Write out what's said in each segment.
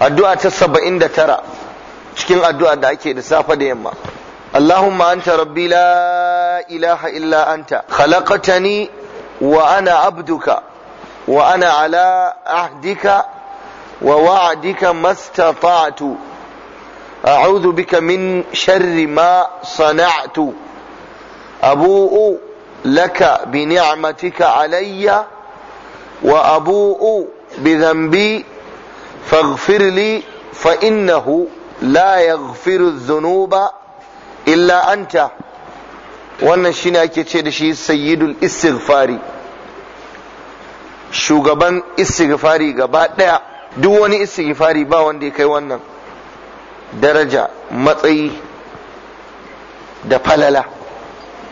addu'a ta saba'in da tara cikin addu'a da ake da safe da yamma Allahumma anta rabbi la ilaha illa anta khalaqtani wa ana abduka wa ana ala ahdika wa wa'dika mastata'tu a'udhu bika min sharri ma sana'tu abu'u laka bi ni'matika alayya wa abu'u bi dhanbi فاغفر لي فإنه لا يغفر الذنوب إلا أنت wannan shine ake ce da shi sayyidul istighfari shugaban istighfari gaba ɗaya. duk wani istighfari ba wanda ya kai wannan daraja matsayi da falala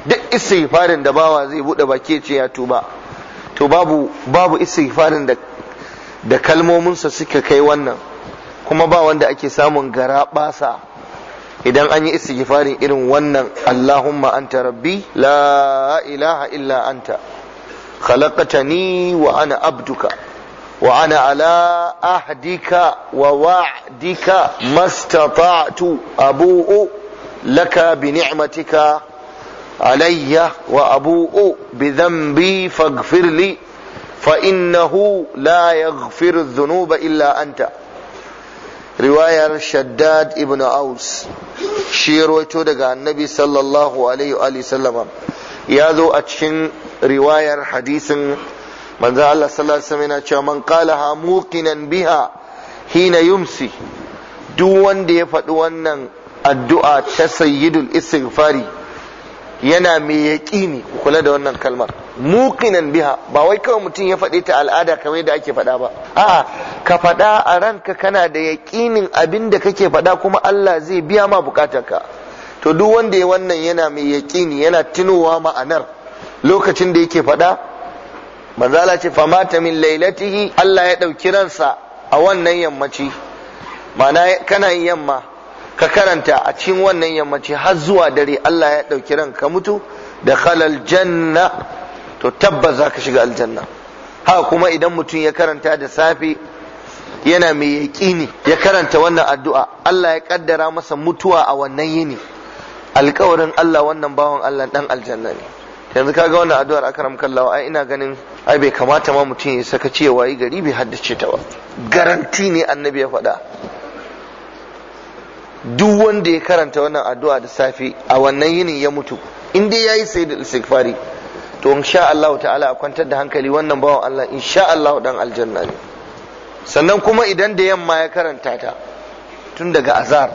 duk istighfarin da bawa zai buɗe baki ce ya tuba to babu babu istighfarin da da kalmominsa suka kai wannan kuma ba wanda ake samun gara basa idan an yi istighfarin irin wannan Allahumma anta rabbi la ilaha illa anta khalaqtani wa ana abduka wa ana ala ahdika wa wa'dika mastata'tu abu'u laka bi ni'matika alayya wa abu'u bi dhanbi faghfir li fa innahu la yaghfiru dhunuba illa anta riwayar shaddad ibn aus shi rawaito daga annabi sallallahu alaihi wa sallama ya zo a cikin riwayar hadisin manzo Allah sallallahu alaihi wasallam yana cewa man qalaha muqinan biha hina yumsi duk wanda ya faɗi wannan addu'a ta sayyidul istighfari yana mai yaƙini ku kula da wannan kalmar muqinan biha ba wai kawai mutum ya faɗe ta al'ada kamar yadda ake faɗa ba a'a ka faɗa a ranka kana da yaƙinin abin da kake faɗa kuma Allah zai biya ma ka to duk wanda ya wannan yana mai yaƙini yana tunowa ma'anar lokacin da yake faɗa manzala ce famata min lailatihi Allah ya ɗauki ransa a wannan yammaci ma'ana kana yin yamma ka karanta a cikin wannan yammaci har zuwa dare Allah ya ɗauki ranka mutu da khalal janna to tabbas za ka shiga aljanna ha kuma idan mutum ya karanta da safe yana mai yaƙini ya karanta wannan addu'a Allah ya kaddara masa mutuwa a wannan yini alkawarin Allah wannan bawan Allah dan aljanna ne yanzu kaga wannan addu'ar akram kallawa ai ina ganin ai bai kamata ma mutum ya saka cewa yi gari bai haddace ta ba garanti ne annabi ya faɗa duk wanda ya karanta wannan addu'a da safe a wannan yinin ya mutu in dai yayi sayyidul istighfari to insha Allah ta'ala a kwantar da hankali wannan bawan Allah insha Allah dan aljanna ne sannan kuma idan da yamma ya karanta ta tun daga azar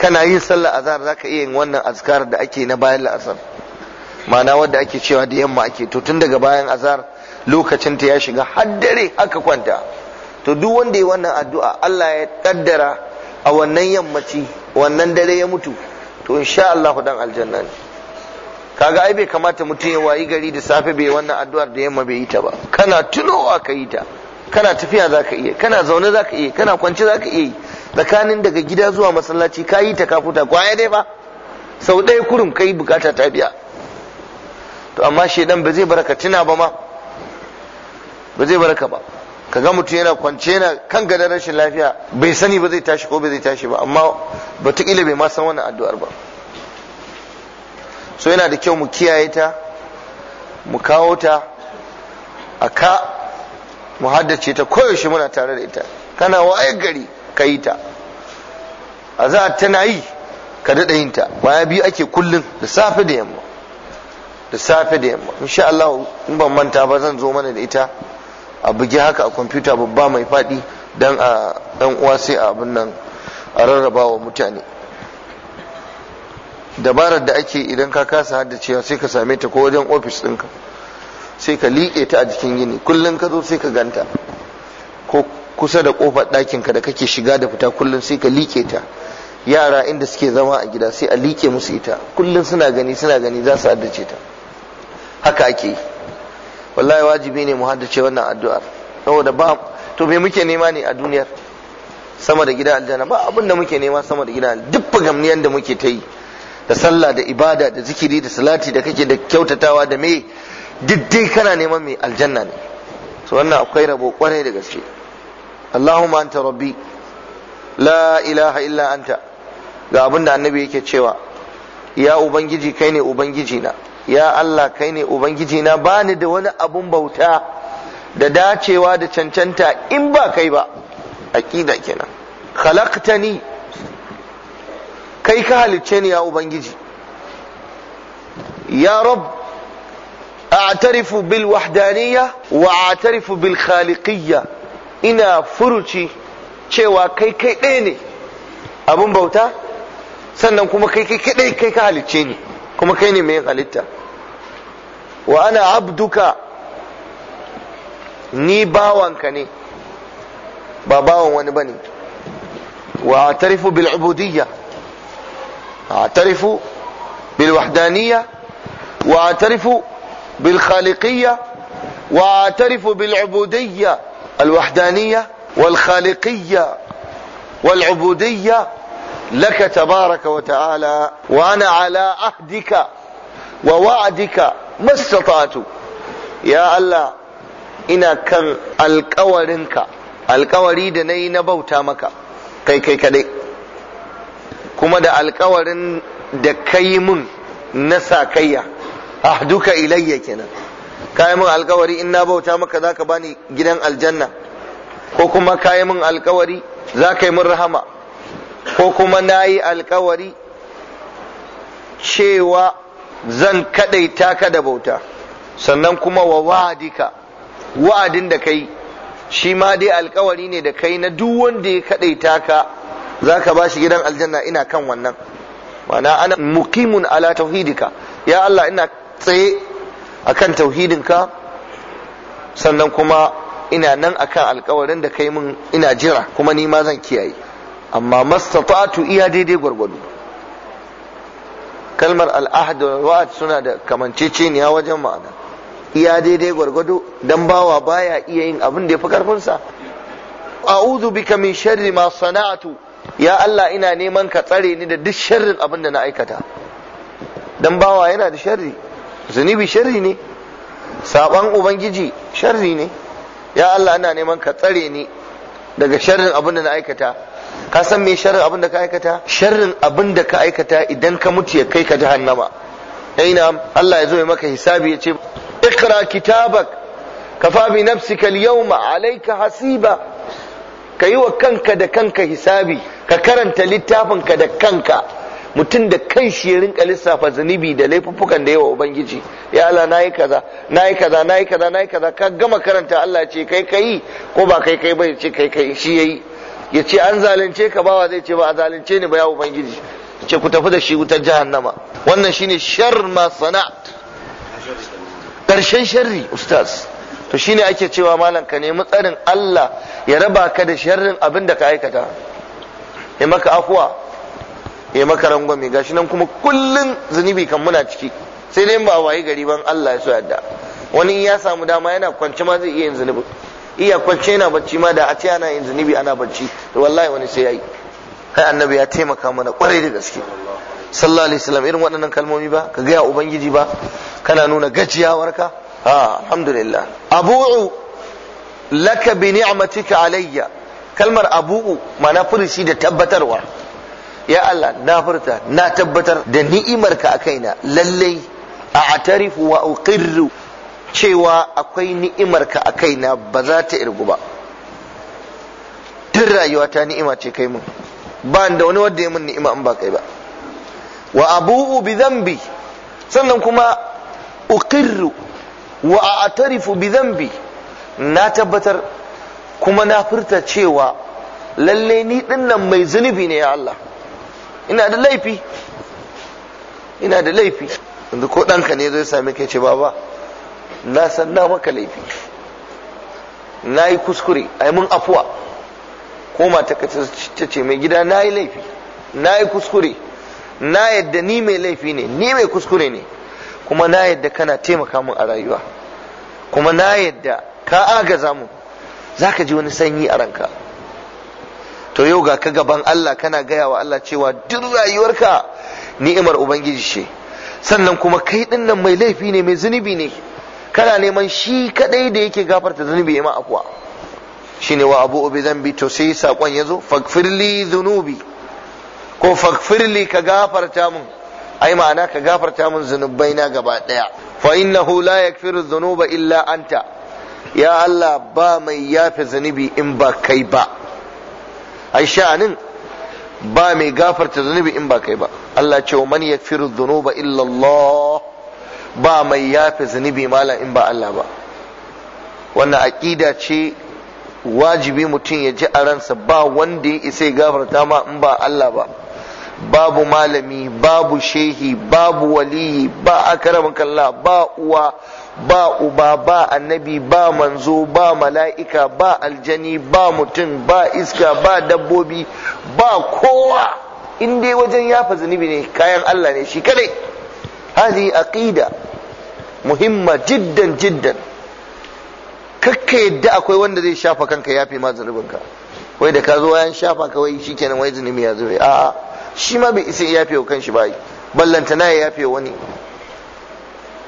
kana yin sallar azhar zaka iya yin wannan azkar da ake na bayan azhar ma'ana wanda ake cewa da yamma ake to tun daga bayan azar lokacin ta ya shiga har dare haka kwanta to duk wanda ya wannan addu'a Allah ya kaddara a wannan yammaci wannan dare ya mutu to insha Allah dan aljanna ne kaga ai bai kamata mutum ya wayi gari da safe bai wannan addu'ar da yamma bai yi ta ba kana tunowa ka yi ta kana tafiya za ka iya kana zaune za iya kana kwance za iya tsakanin daga gida zuwa masallaci ka yi ta ka futa kwaya dai ba sau ɗaya kurum ka yi bukata ta biya to amma shedan ba zai baraka tuna ba ma ba zai baraka ba Ka kaga mutum yana kwance yana kan gadon rashin lafiya bai sani ba zai tashi ko bai zai tashi ba amma batukila bai ma san wannan addu'ar ba so yana da kyau mu kiyaye ta mu kawo ta a ka mu haddace ta koyaushe muna tare da ita kana wayar gari ka yi ta a za tana yi ka daɗa yin ta baya biyu ake kullum da safe da yamma da safe da yamma insha Allah in ban manta ba zan zo mana da ita a bugi haka a kwamfuta babba mai faɗi don a ɗan uwa sai a abin nan a rarraba wa mutane dabarar da ake idan ka kasa haddacewa sai ka same ta ko wajen ofis ɗinka sai ka liƙe ta a jikin gini kullum ka zo sai ka ganta ko kusa da ƙofar ɗakinka da kake shiga da fita kullum sai ka liƙe ta yara inda suke zama a gida sai a liƙe musu ita kullum suna gani suna gani za su haddace ta haka ake yi wallahi wajibi ne mu haddace wannan addu'ar saboda ba to me muke nema ne a duniyar sama da gidan aljanna ba abin da muke nema sama da gidan duk gamniyan da muke ta yi da sallah da ibada da zikiri da salati da kake da kyautatawa da me duk kana neman mai aljanna ne so wannan akwai rabo kwarai da gaske Allahumma anta rabbi la ilaha illa anta ga abin da annabi yake cewa ya ubangiji kai ne ubangiji na ya Allah kai ne ubangiji na bani da wani abun bauta da dacewa da cancanta in ba kai ba aqida kenan khalaqtani kai ka halicce ni ya ubangiji ya rab a'tarifu bil wahdaniyya wa a'tarifu bil khaliqiyya ina furuci cewa kai kai ɗaya ne abun bauta sannan kuma kai kai kai ka halicce ni kuma kai ne mai halitta wa ana abduka ni bawanka ne ba bawan wani bane wa atarifu bil ubudiyya atarifu bil wahdaniyya wa atarifu bil khaliqiyya wa atarifu bil ubudiyya al wahdaniyya wal khaliqiyya wal ubudiyya لك تبارك وتعالى وأنا على عهدك ووعدك ما استطعت يا الله ina kan alkawarinka alkawari da na yi na bauta maka kai kai kadai kuma da alkawarin da kai mun na duka ahduka ilayya kenan kayi mun alkawari in na bauta maka za ka bani gidan aljanna ko kuma kayi mun alkawari za ka yi mun rahama ko kuma na yi alkawari cewa zan kaɗaita ka da bauta sannan kuma wa wa'adika wa'adin da kai shi ma dai alkawari ne da kai na duk wanda ya kaɗaita ka za ka ba shi gidan aljanna ina kan wannan ma'ana ana mukimun ala tauhidika ya Allah ina tsaye akan tauhidinka sannan kuma ina nan akan alkawarin da kai mun ina jira kuma ni ma zan kiyaye amma tu iya daidai gwargwado kalmar al'ahad da wa'd suna da kamanceceniya wajen ma'ana iya daidai gwargwado dan bawa baya iya yin abin da fi karfin A a'udhu bika min sharri ma tu, ya Allah ina neman ka tsare ni da duk sharrin abin da na aikata dan bawa yana da sharri zunubi sharri ne saban ubangiji sharri ne ya Allah ina neman ka tsare ni daga sharrin abin da na aikata ka san me sharrin abin da ka aikata sharrin abin da ka aikata idan ka mutu ya kai ka jahannama aina Allah ya zo ya maka hisabi ya ce ikra kitabak kafa bi nafsika al-yawma alayka hasiba ka yiwa wa kanka da kanka hisabi ka karanta littafin ka da kanka mutum da kan shi ya rinka lissafa zunubi da laifuffukan da yawa ubangiji ya Allah nayi kaza nayi kaza nayi kaza nayi kaza ka gama karanta Allah ce kai kai ko ba kai kai ba ya ce kai kai shi yayi ya ce an zalunce ka bawa zai ce ba a zalunce ni ba ya ubangiji ce ku tafi da shi wutar jahannama wannan shine shar ma sana'at karshen sharri ustaz to shine ake cewa malam ka nemi tsarin Allah ya raba ka da sharrin abin da ka aikata ya maka afuwa ya maka rangwame gashi nan kuma kullun zunubi kan muna ciki sai dai ba wayi gari ban Allah ya so yadda wani ya samu dama yana kwance ma zai iya yin zunubi iya kwance yana bacci ma da a ce ana yin zunubi ana bacci to wallahi wani sai yayi kai annabi ya taimaka mana kwarai da gaske sallallahu alaihi wasallam irin waɗannan kalmomi ba ka gaya ubangiji ba kana nuna gajiyawarka ha alhamdulillah abu'u laka bi ni'matika alayya kalmar abu'u ma'ana furishi da tabbatarwa ya Allah na furta na tabbatar da ni'imarka a kaina lallai a atarifu wa uqirru cewa akwai ni'imarka a kaina ba za ta irgu ba duk rayuwa ta ni'ima ce kai mun ba da wani wanda ya mun ni'ima in ba kai ba wa abu'u bi dhanbi sannan kuma uqirru wa a'tarifu bi dhanbi na tabbatar kuma na furta cewa lalle ni dinnan mai zunubi ne ya Allah ina da laifi ina da laifi yanzu ko ɗanka ne zai sami kai ce baba na san na maka laifi na yi kuskure ai mun afuwa ko mata ka ta ce mai gida na yi laifi na yi kuskure na yadda ni mai laifi ne ni mai kuskure ne kuma na yadda kana taimaka min a rayuwa kuma na yadda ka agaza mu za ka ji wani sanyi a ranka to yau ga ka gaban Allah kana gaya wa Allah cewa duk rayuwarka ni'imar ubangiji ce sannan kuma kai din nan mai laifi ne mai zunubi ne kana neman shi kadai da yake gafarta zunubi ya ma shine wa abu zan bi to sai sakon zo? faghfirli dhunubi ko faghfirli ka gafarta mun ai ma'ana ka gafarta mun zunubai na gaba ɗaya. fa innahu la yaghfiru zunuba illa anta ya Allah ba mai yafe zunubi in ba kai ba ai sha'anin ba mai gafarta zunubi in ba kai ba Allah ce wa man yaghfiru zunuba illa Allah ba mai yafe zunubi malam in ba Allah ba wannan aqida ce wajibi mutum ya ji a ransa ba wanda ya isa ya gafarta ma in ba Allah ba babu malami babu shehi babu waliyi ba akaramin kalla ba uwa ba uba ba annabi ba manzo ba mala'ika ba aljani ba mutum ba iska ba dabbobi ba kowa in dai wajen yafa zunubi ne kayan Allah ne shi kadai hadhi aqida muhimma jiddan jiddan kakka yadda akwai wanda zai shafa kanka yafe ma zunubinka wai da ka zo wayan shafa ka wai kenan wai zunubi ya zube a'a shi ma bai isa yafe wa kanshi ba ballanta na ya yafe wani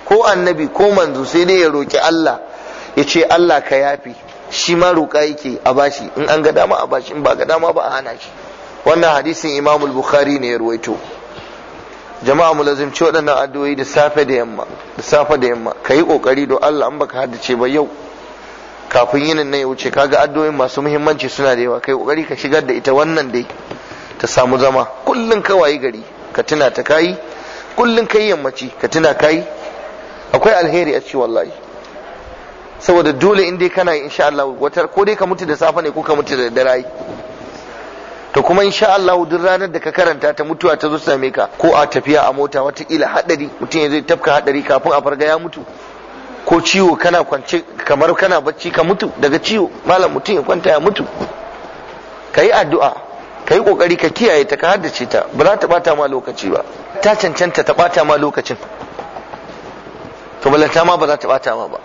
ko annabi ko manzo sai dai ya roki Allah ya ce Allah ka yafe shi ma roƙa yake a bashi in an ga dama a bashi in ba ga dama ba a hana shi wannan hadisin Imam al-Bukhari ne ya ruwaito jama'a mu ci waɗannan addu'o'i da safe da yamma da safe da yamma kai kokari don Allah an baka haddace ba yau kafin yinin na ya wuce kaga addu'o'in masu muhimmanci suna da yawa kai kokari ka shigar da ita wannan dai ta samu zama kullun ka waye gari ka tuna ta kai kullun kai yammaci ka tuna kai akwai alheri a ci wallahi saboda dole in dai kana insha Allah wata ko dai ka mutu da safe ne ko ka mutu da dare to kuma insha Allah duk ranar da ka karanta ta mutuwa ta zo same ka ko a tafiya a mota wata kila hadari mutum ya zai tafka hadari kafin a farga ya mutu ko ciwo kana kwance kamar kana bacci ka mutu daga ciwo malam mutum ya kwanta ya mutu ka yi addu'a ka yi ƙoƙari ka kiyaye ta ka haddace ta ba za ta ɓata ma lokaci ba ta cancanta ta ɓata ma lokacin to balanta ma ba za ta ɓata ma ba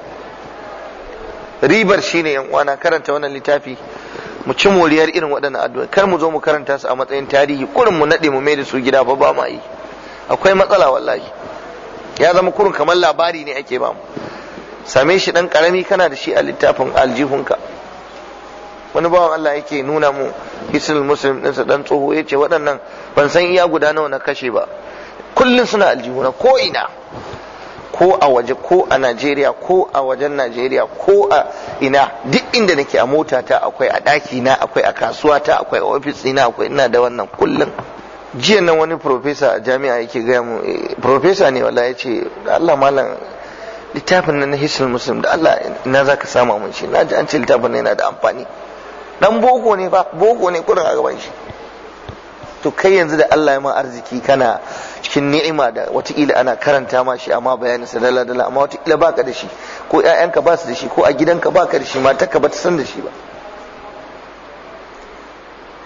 ribar shine yan uwana karanta wannan littafi mu ci moriyar irin waɗannan addu'a kar mu zo mu karanta su a matsayin tarihi kurin mu nade mu mai da su gida ba ba ma akwai matsala wallahi ya zama kurin kamar labari ne ake ba mu same shi dan karami kana da shi a littafin aljihunka wani bawan Allah yake nuna mu hisul muslim ɗinsa dan tsoho yace waɗannan ban san iya guda nawa na kashe ba kullum suna aljihuna ko ina ko a waje ko a Najeriya ko a wajen Najeriya ko a ina duk inda nake a mota ta akwai a ɗaki na akwai a kasuwa ta akwai a ofis ina akwai ina da wannan kullum jiya nan wani profesa a jami'a yake gaya mu eh, profesa ne wala yace Allah malam littafin nan na hisnul muslim da Allah na zaka samu mun shi na ji an ce littafin nan yana da amfani dan boko ne fa boko ne kurin a gaban shi to kai yanzu da Allah ya ma arziki kana cikin ni'ima da watakila ana karanta ma shi amma bayanin sa dala dala amma watakila baka da shi ko ƴaƴanka ba su da shi ko a gidanka ka da shi matarka ba ta san da shi ba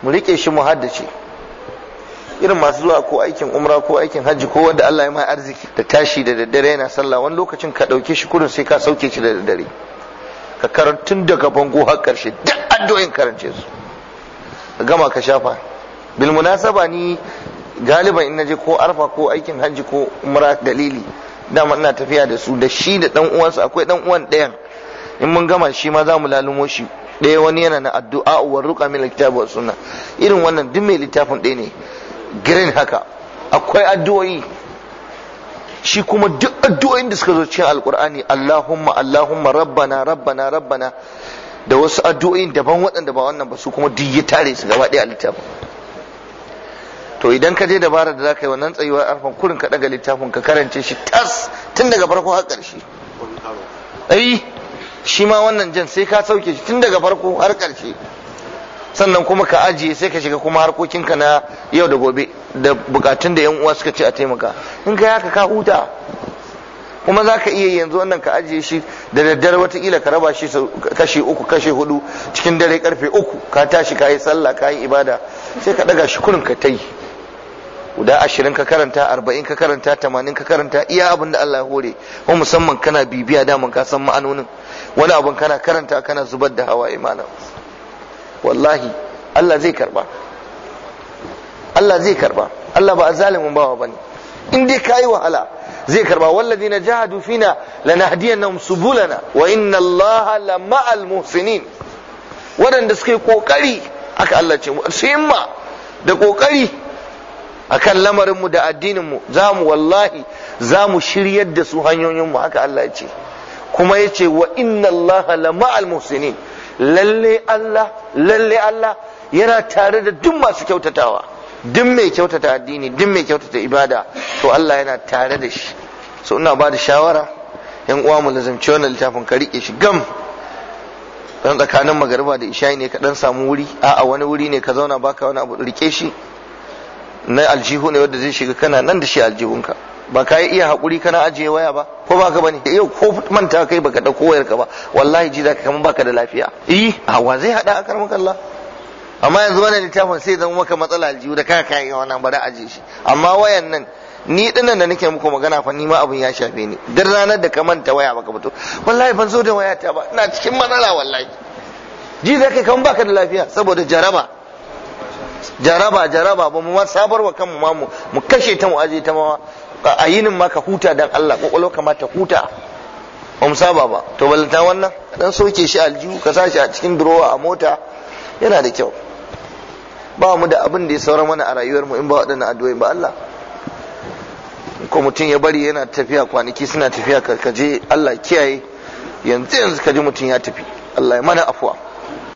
mu rike shi mu haddace irin masu zuwa ko aikin umra ko aikin hajji ko wanda Allah ya mai arziki da tashi da daddare yana sallah wani lokacin ka dauke shi kudin sai ka sauke shi da daddare ka karantun daga bango har karshe duk addu'o'in karance su ka gama ka shafa bil munasaba ni galiban in naje ko arfa ko aikin hajji ko umra dalili dama ina tafiya da su da shi da dan uwansa akwai dan uwan ɗayan in mun gama shi ma za mu lalumo shi ɗaya wani yana na addu'a wa ruqa min wa sunna irin wannan duk mai littafin ɗaya ne Girin haka akwai addu'o'i shi kuma duk addu'o'in da suka zo cikin alkur'ani Allahumma Allahumma rabbana rabbana rabbana da wasu addu'o'in daban waɗanda ba wannan ba su kuma duk ya tare su gaba ɗaya littafin to idan ka je dabara da za zaka yi wannan tsayuwar arfan kurin ka ɗaga littafin ka karance shi tas tun daga farko har ƙarshe ai shi ma wannan jan sai ka sauke shi tun daga farko har ƙarshe sannan kuma ka ajiye sai ka shiga kuma harkokinka na yau da gobe da bukatun da yan uwa suka ce a taimaka in ka haka ka huta kuma za ka iya yanzu wannan ka ajiye shi da daddare watakila ka raba shi kashe uku kashe hudu cikin dare karfe uku ka tashi ka yi sallah ka yi ibada sai ka daga shi kurin ka ta yi guda ashirin ka karanta arba'in ka karanta tamanin ka karanta iya abin da Allah ya hore kuma musamman kana bibiya daman ka san ma'anonin wani abin kana karanta kana zubar da hawaye malam wallahi Allah zai karba Allah zai karba Allah ba zalimin bawa bane in dai kai wahala zai karba walladina jahadu fina lanahdiyannahum subulana wa inna Allah ma'al muhsinin waɗanda suka yi kokari aka Allah ce mu ma da kokari akan lamarin mu da addinin mu zamu wallahi zamu shiryar da su hanyoyin mu haka Allah ya ce kuma yace wa inna Allah ma'al muhsinin lalle Allah lalle Allah yana tare da duk masu kyautatawa duk mai kyautata addini duk mai kyautata ibada to Allah yana tare da shi so ina ba da shawara yan uwa mu ci wannan littafin ka rike shi gam dan tsakanin magariba da isha ne ka dan samu wuri a'a wani wuri ne ka zauna baka wani abu rike shi na aljihu ne wanda zai shiga kana nan da shi aljihunka ba ka yi iya hakuri kana ajiye waya ba ko ka bane yau ko manta kai baka da koyar ka ba wallahi ji ka kama baka da lafiya yi eh, a wa zai haɗa a maka Allah amma yanzu wani littafin sai zama maka matsala aljihu da kaka kayan wannan bari ajiye shi amma wayan nan ni dinnan da nake muku magana fa ni ma abun ya shafe ni duk ranar da ka manta waya baka fito wallahi ban zo da wayata ba ina cikin matsala wallahi ji zai kai kan baka da lafiya saboda jaraba jaraba jaraba ba mu ma sabarwa kanmu ma mu mu kashe ta mu aje ta ma a yinin ma ka huta dan Allah kwakwalwa ta huta ba mu saba ba to balanta wannan dan soke shi aljihu ka sa shi a cikin durowa a mota yana da kyau ba mu da abin da ya saura mana a rayuwar mu in ba waɗannan addu'o'i ba Allah ko mutum ya bari yana tafiya kwanaki suna tafiya karkaje Allah kiyaye yanzu yanzu ka ji mutum ya tafi Allah ya mana afuwa